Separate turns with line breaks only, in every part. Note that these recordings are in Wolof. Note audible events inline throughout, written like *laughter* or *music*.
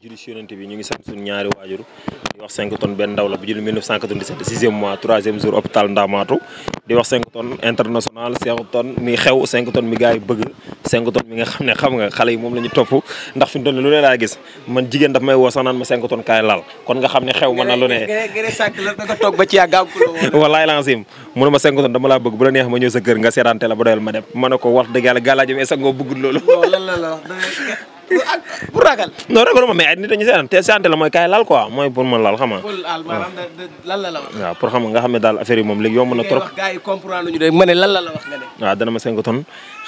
julli si yonent bi ñu ngi sant ñaari waajur di wax 5 tonnes benn ndaw la bu jël 1997 sixième mois troisième jour hôpital Ndamatou di wax 5 tonnes international 5 tonnes mi xew 5 tonnes mi gars yi bëgg 5 tonnes mi nga xam ne xam nga xale yi moom la topp ndax fi mu lu ne laa gis man jigéen daf may woo ma 5 tonnes kaay laal kon nga xam ne xew mën na lu ne *laughs* walaay lancim mu ne ma 5 tonnes dama laa bëgg bu
*laughs*
pour ragal. non ragaluma mais ay nit dañu seetaan te seetaan la mooy kaay laal quoi mooy pour ma laal xam nga. la la pour xam nga xam daal affaire moom léegi yomb na trop.
gars yi comprendre ñu de ma ne lan
la la wax nga ne. waaw dana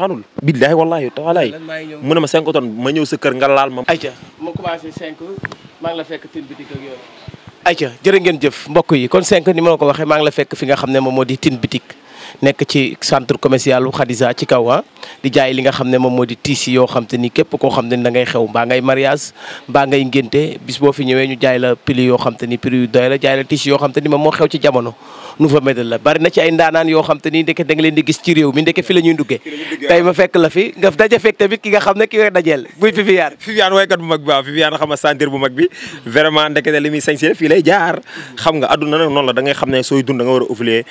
caaxaanul. billahi wallahi taalaay mu ne ma 5 tonnes ma ñëw sa kër nga laal ma. ayca
ma commencé 5 maa ngi la fekk tin bitik ak yooyu.
ayca jërë ngeen
jëf mbokk yi kon 5 ni ma ko waxee maa la fekk fi nga xam ne moom moo di tin bitik nekk ci centre commercial u Khadija ci kaw ah di jaay li nga xam ne moom moo di tiis yoo xam te ni képp koo xam te ni da ngay xew mbaa ngay mariage mbaa ngay ngénte bis boo fi ñëwee ñu jaay la pili yoo xam te ni prix moo xew ci jamono nouveau modèle la bari na ci ay ndaanaan yoo xam te ni ndeke da nga leen di gis ci
réew mi ndeke fi la ñuy duggee
fekk la fi nga daja fekk tamit
ki nga xam ne ki nga dajeel buy Viviane Viviane waykat bu mag bi waaw Viviane xam bu mag bi vraiment ne sooy dund da nga war a oublier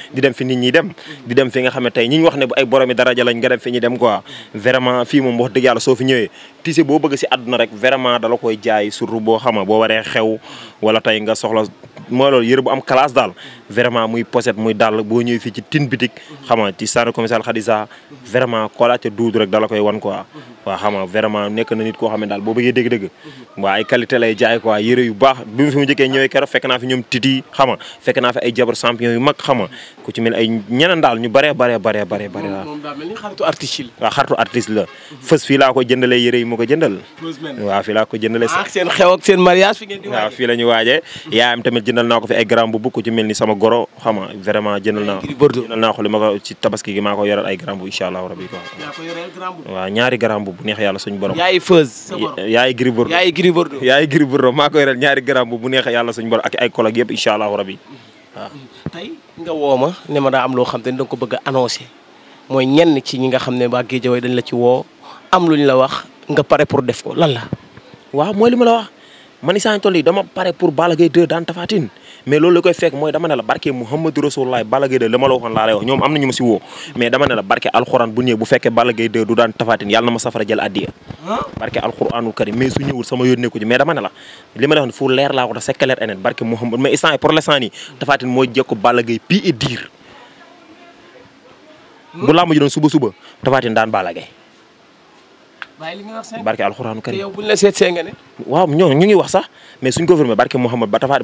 dem fi nga xam ne tey ñi ñu wax ne ay boromi daraja lañ nga dem fi dem quoi vraiment fii moom wax dëgg yàlla soo fi ñëwee tise boo bëgg si àdduna rek vraiment dala koy jaay surtout boo xama boo waree xew wala tey nga soxla moo loolu yëre bu am classe daal vraiment muy pochette muy dàll boo ñëwee fii ci tin bitik xama ci centre commercial Khadija vraiment koo laajte duud rek dala koy wan quoi waaw xama vraiment nekk na nit koo xam ne daal boo bëggee dégg-dégg waa ay qualité lay jaay quoi yére yu baax bi mu fi mu njëkkee ñëwee keroog fekk naa fi ñoom titi xama fekk naa fi ay jabar champion yu mag xama ku mel ay la waaw laa ko jëndalee yére yi ma ko jëndal waaw fii laa ko jëndalee ah, ak seen xew ak seen mariage fi ngeen di waaw fii la ñu waajee yaayam tamit jëndal naa ko fi ay grand bu ku ci mel ma ko ci tabaski gi maa ko yoral ay grand bu incha allahu rabbi quoi waaw ñaari grand bu neex yàlla suñu borom yaay fës yaay giri Gris Bordeaux yaay Gris maa koy rel ñaari garaam bu bu neexee yàlla suñu bor ak ay collègues yëpp incha allahu rabi
waaw. tey nga woo ne ma daa am loo xam te ne da ko bëgg a mooy ñenn ci ñi nga xam ne waa Guédiawaye dañ la ci woo am lu ñu la wax nga pare pour def ko lan la.
waaw mooy li ma la wax man isaan toll yi dama pare pour Balla Gaye 2 daan Tapha mais loolu la koy fekk mooy dama ne la barke Muhammadu Rasulullah Balla Gaye 2 la ma la waxoon laa lay wax barke alquraanul karim mais su ñëwul sama yoon nekku ci mais dama ne la li ma la wax ne fu leer laa ko tax c'est clair et barke Mouhamad mais instant yi pour l'instant ñu ngi wax sax mais suñ ko confirmé barke Mouhamad ba Tapha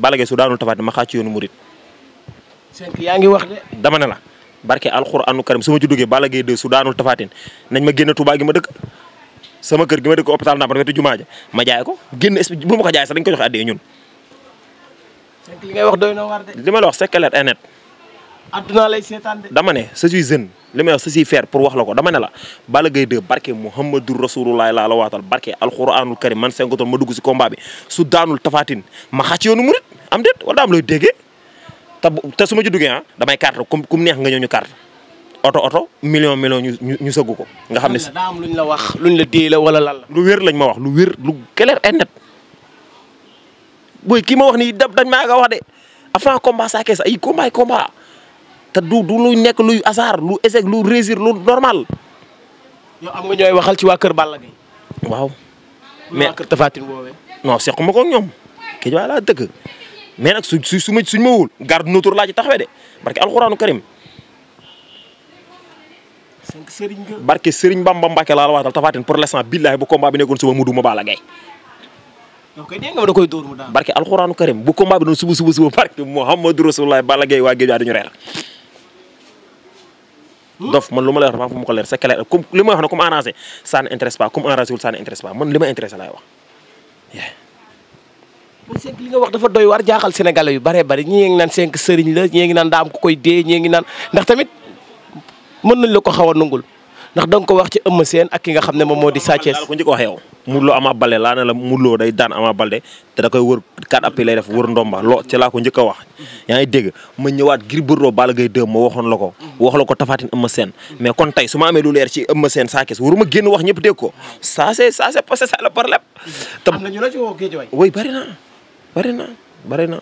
ngi wax de. dama ne la barke alxuraanu karim su ma ci duggee Balla Gaye 2 su nañ ma génn Touba ma dëkk. sama kër gi ma dëkk hôpital Ndambar wetu jumaa ja ma jaay ko génn bu ko jaay sax dañ li wax doy na war de. ma la wax c'est clair et net. adduna lay seetaan de. dama ne je suis jeune li may wax je suis fier pour wax la ko dama ne la Balla Gaye 2 barke Muhammadu Rasulullah laa la waatal barke alxuraanul karim man sengotoon ma dugg si combat bi su daanul tafaatin ma xàcc yoonu murit am déet wala am looy déggee te su ma ci duggee ah damay carte comme comme neex nga ñëw ñu carte. oto oto million million ñu ñu ñu ko. nga xam ne si daa am luñ la wax luñ la dee la wala lan la. lu wér lañ ma wax lu wér lu clair et net booy kii ma wax ni dab dañ maa nga wax de avant combat saa kees ay combat ay combat te du du nekk luy hasard lu échec lu réussir lu normal. yow am nga ñooy waxal ci waa kër Balla Gaye. waaw. mais waa kër Tapha Tine woowee. non laa dëkk mais nag suñ ma wóol garde notre laa ci taxawee de parce alxuraanu karim. barke Serigne Bamba Mbacke laa la waatal Tapha Tine pour l'instant billahi bu combat bi nekkoon suba mu duma Balla Gaye barke alxuraanu karim bu combat bi doon suba suba suba barke Muhammadu Rasulullah Balla Gaye waa Géejawaay dañu reer hmm? dof man lu ma lay wax dafa am fu ma ko leer c'est clair comme li ma wax ne comme arrangé ça ne intéresse pas comme arrangé wul ça intéresse pas man li ma intéressé laay wax
mais dafa doy war jaaxal sénégalais yu bare bari ñii ngi naan cinq sëriñ la ñii ngi naan daa am koy dee ngi naan ndax tamit mën nañ la ko xaw
a nungul ndax da nga ko wax ci Eumeu Sène ak ki nga xam ne moom moo di Sa ko njëkk wax yow Modou Lo Ama Baldé laa ne la Modou Lo day daan Ama Baldé te da koy wër quatre appuis lay def war ndomba loo ci laa ko njëkk wax. yaa ngi dégg ma ñëwaat Gris Bordeaux Balla Gaye 2 ma waxoon la ko. wax la ko Tapha Tine Eumeu mais kon tey su ma amee lu leer ci Eumeu Sène Sa Thiès wax ñëpp dégg ko ça c'est ça c'est parce que ça na ñu la ci woo Géejawaay. oui bari na bari na bari na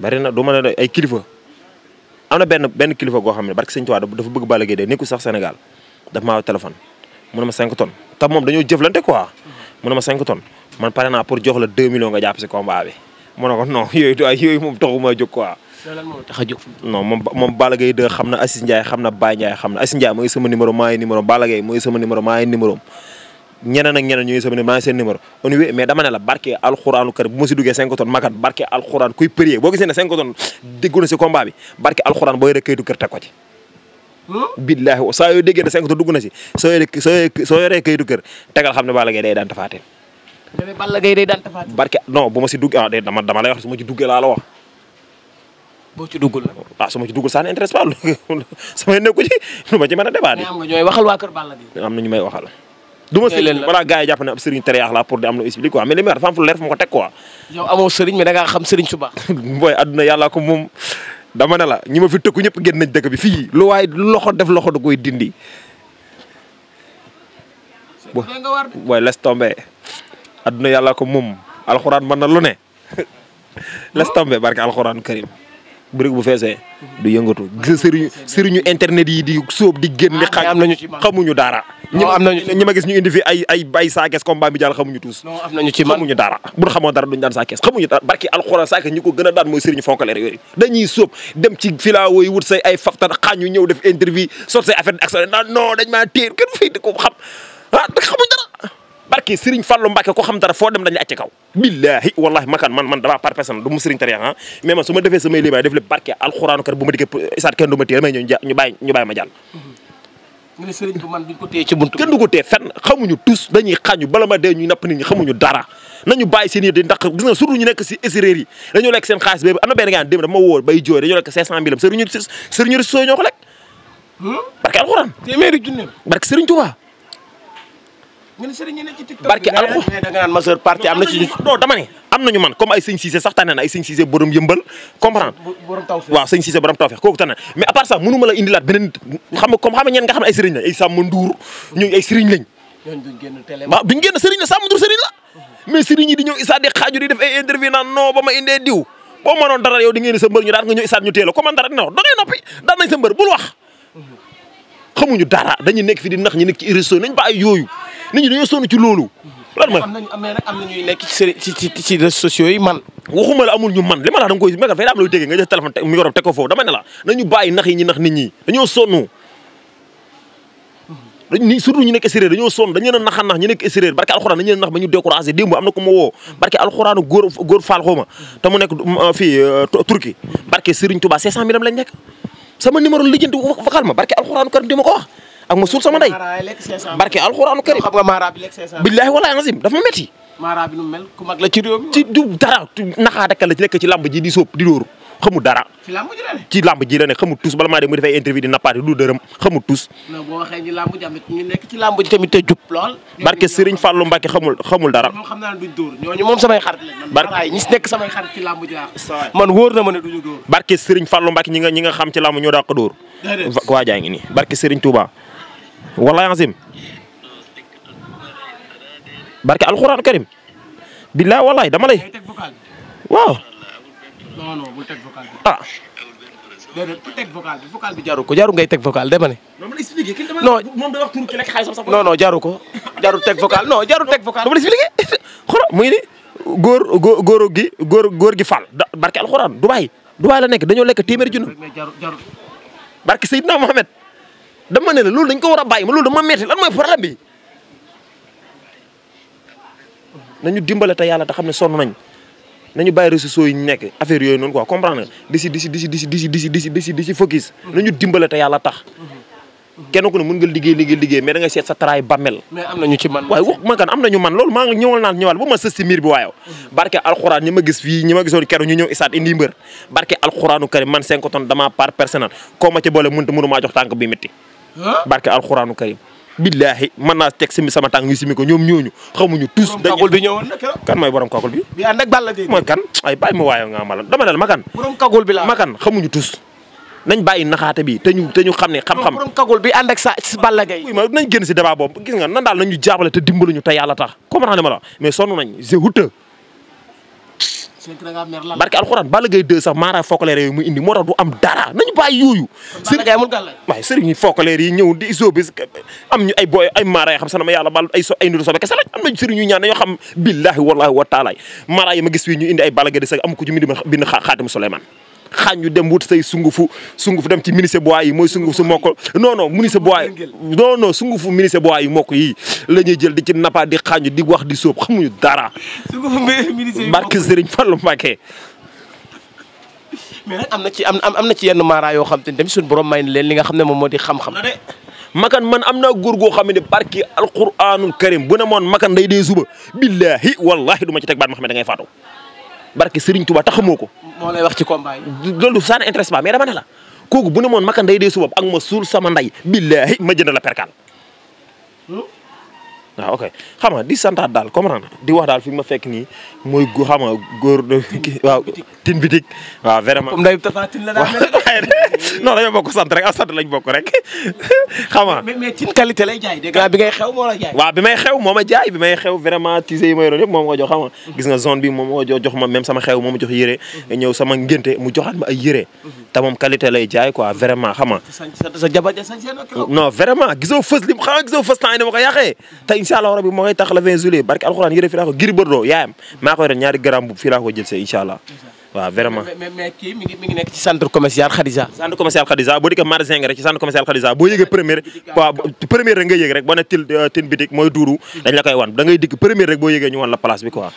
bari na du ma ne ay kilifa. am na benn benn kilifa goo xam ne barke sëñ Tuubaa dafa bëgg Balla Gaye de nekkul sax Sénégal daf maa téléphone mu ne ma 5 tonnes te moom dañoo jëflante quoi mu ne ma 5 tonnes man pare naa pour jox la 2 millions nga jàpp si combat bi mu ne ko non *laughs* yooyu daal yooyu jóg quoi. lan a jóg. non moom moom Balla Gaye 2 xam na Assis Ndiaye xam na Baye Ndiaye xam na Assis Ndiaye mooy sama numéro maa ngi numéro Balla Gaye mooy sama numéro maa ngi numéro ñeneen ak ñeneen ñu ngi sama ne maa ngi seen numéro on est mais dama ne la barke alxuraanu kër bu ma si duggee 5 tonnes makat barke alxuraan kuy prier boo gisee ne 5 tonnes déggu na si combat bi barke alxuraan boo yore kayitu kër teg ci. Hmm? billaahi wa saa yoo déggee ne 5 tonnes dugg na si soo yore soo tegal xam ne Balla Gaye day daan tafaatin.
nga ne Balla Gaye day daan tafaatin.
barke non bu ma si duggee ah dama dama lay wax su ma ci duggee laa la wax. boo ci duggul ah su ma ci duggul ça n'intéresse pas *laughs* sama nekku ci lu *laughs* ma ci mën a débat. am waxal waa kër Balla bi. am na ñu may waxal du ma sëriñ balaa gars yi jàpp ne ab sëriñ tereyaax laa pour di am lu explique quoi am fu leer fu ma ko teg quoi. yow amoo sëriñ mais da ngaa xam sëriñ su baax. *laughs* booy àdduna yàlla ko moom dama ne la ñi ma fi tëkku ñëpp génn nañ dëkk bi fii lu waaye loxo def loxo da koy dindi. booy laisse tomber àdduna yàlla ko moom alxuraan mën na lu ne *laughs* laisse tomber barke alxuraan karim bëri bu feesee. du yëngatu sëriñu internet yi di sóob di génn. di xaaj xamuñu dara. non ma ñu indi fi ay ay bay saakees combat xamoo dara duñu daan saakees xamuñu dara barki alxuraan saakees ñi ko a daan mooy sëriñu fonkaleer dañuy sóob dem ci filaawo yi wut say ay faftan xaañu ñëw def interview sot say affaire ak sa non dañ maa téer kenn fii di ko xam ah, xamuñu dara barke Serigne Fallou Mbacke ko xam dara foo dem dañu acc kaw billaahi wallahi makan man man dama par personne du mu Serigne Tariya ah mais man su ma defee samay limaay def lekk seen xaalis na benn gaan démb dama wóor ñoo ko lekk hmm? barke alxuraan barke Serigne Touba
ñun sëriñ ñi ne ci TikTok barke alxu mais da
nga naan am na ñu man comme ay sëñ Cissé sax tane ay sëñ Cissé borom yëmbal comprendre waaw sëñ Cissé borom tawfeex kooku tane mais à part ça mënu ma la beneen comme xam ñeen nga xam ne ay sëriñ lañ ay sàmm nduur ay sëriñ lañ mais sëriñ di ñëw isaat di xaaju di def ay interview naan non ba ma indee diw boo mënoon dara yow di ngeen sa ñu daan nga ñëw isaat ñu téela comme dara dina wax da noppi daan nañ sa mbër xamuñu dara dañuy nekk fi nax ñi nekk ci réseau nañ bàyyi yooyu nit ñi dañoo sonn ci loolu. lan mooy am nañu am nañu am nañuy nekk ci réseaux sociaux yi man. waxuma la ñu man li ma la da koy mën a fay am looy déggee nga jël téléphone te micro teg ko foofu dama ne la nañu bàyyi nax ñi nax nit ñi dañoo sonn. dañ surtout ñu nekk séeréer dañoo sonn dañ leen a naxa nax ñu nekk séeréer barke alxuraan dañ leen a nax ba ñu découragé démb am na ko ma woo barke alxuraanu góor góor faal xaw ma te mu nekk fii euh, Turquie barke Serigne Touba 500000 am lañ nekk sama numéro lijjanti waxal ma barke alxuraanu karim di ma ko wax ak ma sama ndey
barke alxuraanu karim billaahi wallaahi azim dafa ma métti mara bi nu mel
ku mag la ci réew mi ci du dara naxaadaka la ji di sóob di dóor xamu dara. ci làmb ji la ne ci la ne xamu tus bala maa dem mu defay interview di nappaate du dërëm xamu tus.
non boo waxee ñu làmb ji amit te jub barke
Serigne Fallou Mbacke xamul dara.
man wóor na ma ne duñu dóor.
barke Serigne Fallou Mbacke ñi nga xam ci làmb ñoo dàq dóor. waa jaa ngi nii barke Serigne Touba wallaay azim barke alxuraan karim billaay wallaay dama lay
non non bul teg vocal bi. ah. jaru ko jaru ngay teg vocal dama ne. non man expliqué ki dama. non moom da wax
jaru ko jaru teg vocal non jaru teg vocal. dama expliqué xoolal mu ngi ni góor góor góor gi góor góor gi Fall da barke alxuraan Dubaay Dubaay la nekk dañoo lekk téeméeri junni. barke Seydina Mohamed dama ne la loolu dañ ko war a bàyyi ma loolu dama metti lan mooy problème bi. nañu dimbale te yàlla te xam ne sonn nañ nañu bàyyi réseaux yi nekk affaire yooyu noonu quoi comprendre nga di si di si di si di si di nañu dimbale te yàlla tax mm-hmm. kenn ku ne mën nga liggéey liggéey liggéey mais da seet sa taraay bàmmel mais am man ma kan am nañu man loolu maa ngi ñëwal naan ñëwal bu ma sës si bi waayow mm-hmm. barke alxuraan ñi gis fii ñi ma gisoon keroog ñu ñëw isaat indi mbër barke alxuraanu karim man cinq tonnes dama part personnel koo ma ci boole mënta mënu maa jox tànk bi métti barke billaahi mën naa teg simi sama tànk ñu simi ko ñoom ñooñu xamuñu tous na ah? kan mooy borom kagul bi bi ànd kan ay bàyyi ma waayo nga malal dama makan makan xamuñu tous nañ bàyyi naxaate bi te ñu te ñu xam ne xam-xam borom kagul bi ànd ak sa Balla Gaye nañ génn si gis nga nan daal nañu jàppale te dimbaluñu te yàlla tax comprendre ma la mais sonn nañ c'est houteux barke alxuraan Balla Gaye 2 sax maara fokkaleer yooyu mu indi moo tax du am dara nañu bàyyi yooyu waaye sëriñ fokkaleer yi ñëw di iso am ñu ay booy ay maara ma yàlla baal ay so ay kese lañ am nañ sëriñ ñu ñaan xam billaahi wallaahi wa taalaay maara yi ma gis fii indi ay Balla Gaye sax am ko ci mi di bind xañu dem wut say sungufu sungufu dem ci ministre bois yi mooy sungufu su mokk non non ministre bois yi non non sungufu ministre bois yi mokk yi la ñuy jël di ci nappaat di xañu di wax di sóob xamuñu dara. sungufu ministre yi barke Serigne Fallou Mbacké
mais nag am na ci am am ci yenn mara yoo xam te ne tamit suñu borom may na leen li nga xam ne moom moo di xam-xam. makan
man am naa góor goo xam ne barki alquranul karim bu ne moon makan day dee suba billahi wallahi du ma ci teg baat ma xam ne da ngay faatu. barke Serigne Touba ta xamoo ko. moo lay wax loolu ça n'intéresse pas mais dama ne la kooku bu ne moon makan day dee suba ak ma suul sama nday billahi ma jënd la perkaal. waaw ok xam nga di santaat daal comprendre di wax daal fi ma fekk nii mooy gu xam nga góor *laughs* waaw tin bitik waaw vraiment comme day Tapha Tine la daal *laughs* non dañoo bokk sant rek ak sant lañ *laughs* nga mais mais tin qualité lay jaay dégg naa bi ngay xew moo la bi may xew moo ma jaay bi may xew ma yoroon yëpp moom ma ko jox xam nga mhm. gis nga zone bi moom ma jox ma même sama xew moo ma jox yére mhm. ñëw sama ngénte mu joxaat ma ay yére mhm. te moom qualité lay jaay quoi vraiment xam
nga
non vraiment gisoo fës lim xam nga incha allah rabi moo ngay tax le barke alxuraan yëre fi laa ko Gris Bordeaux yaayam maa koy waaw vraiment
mais mais ci centre commercial Khadija.
centre commercial Khadija boo dikkee magasin nga rek ci centre commercial Khadija boo yëgee première waaw première rek nga yëg rek boo ne euh, ñu wan la place bi quoi.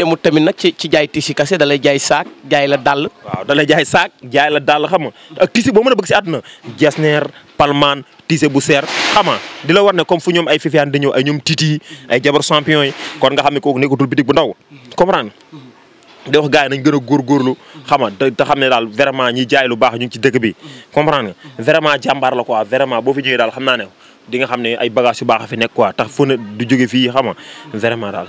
yemut tamit nag ci jaay tisi kase da jaay saak jaay la dàll. waaw jaay saak jaay la dàll xam ak tisi boo mën a bëgg si àdduna jasneer palmaan tise bu seer xama di la war comme fu ñoom ay fifiaan di ñëw ay ñoom titi ay jabar di wax gars yi nañ gën a góor xam nga te xam ne daal vraiment ñi jaay lu baax ñu ngi ci dëkk bi comprendre nga vraiment jàmbaar la quoi vraiment boo fi jógee daal xam naa ne di nga xam ne ay bagage yu baax a fi nekk quoi tax fu ne du jóge fi xam nga vraiment daal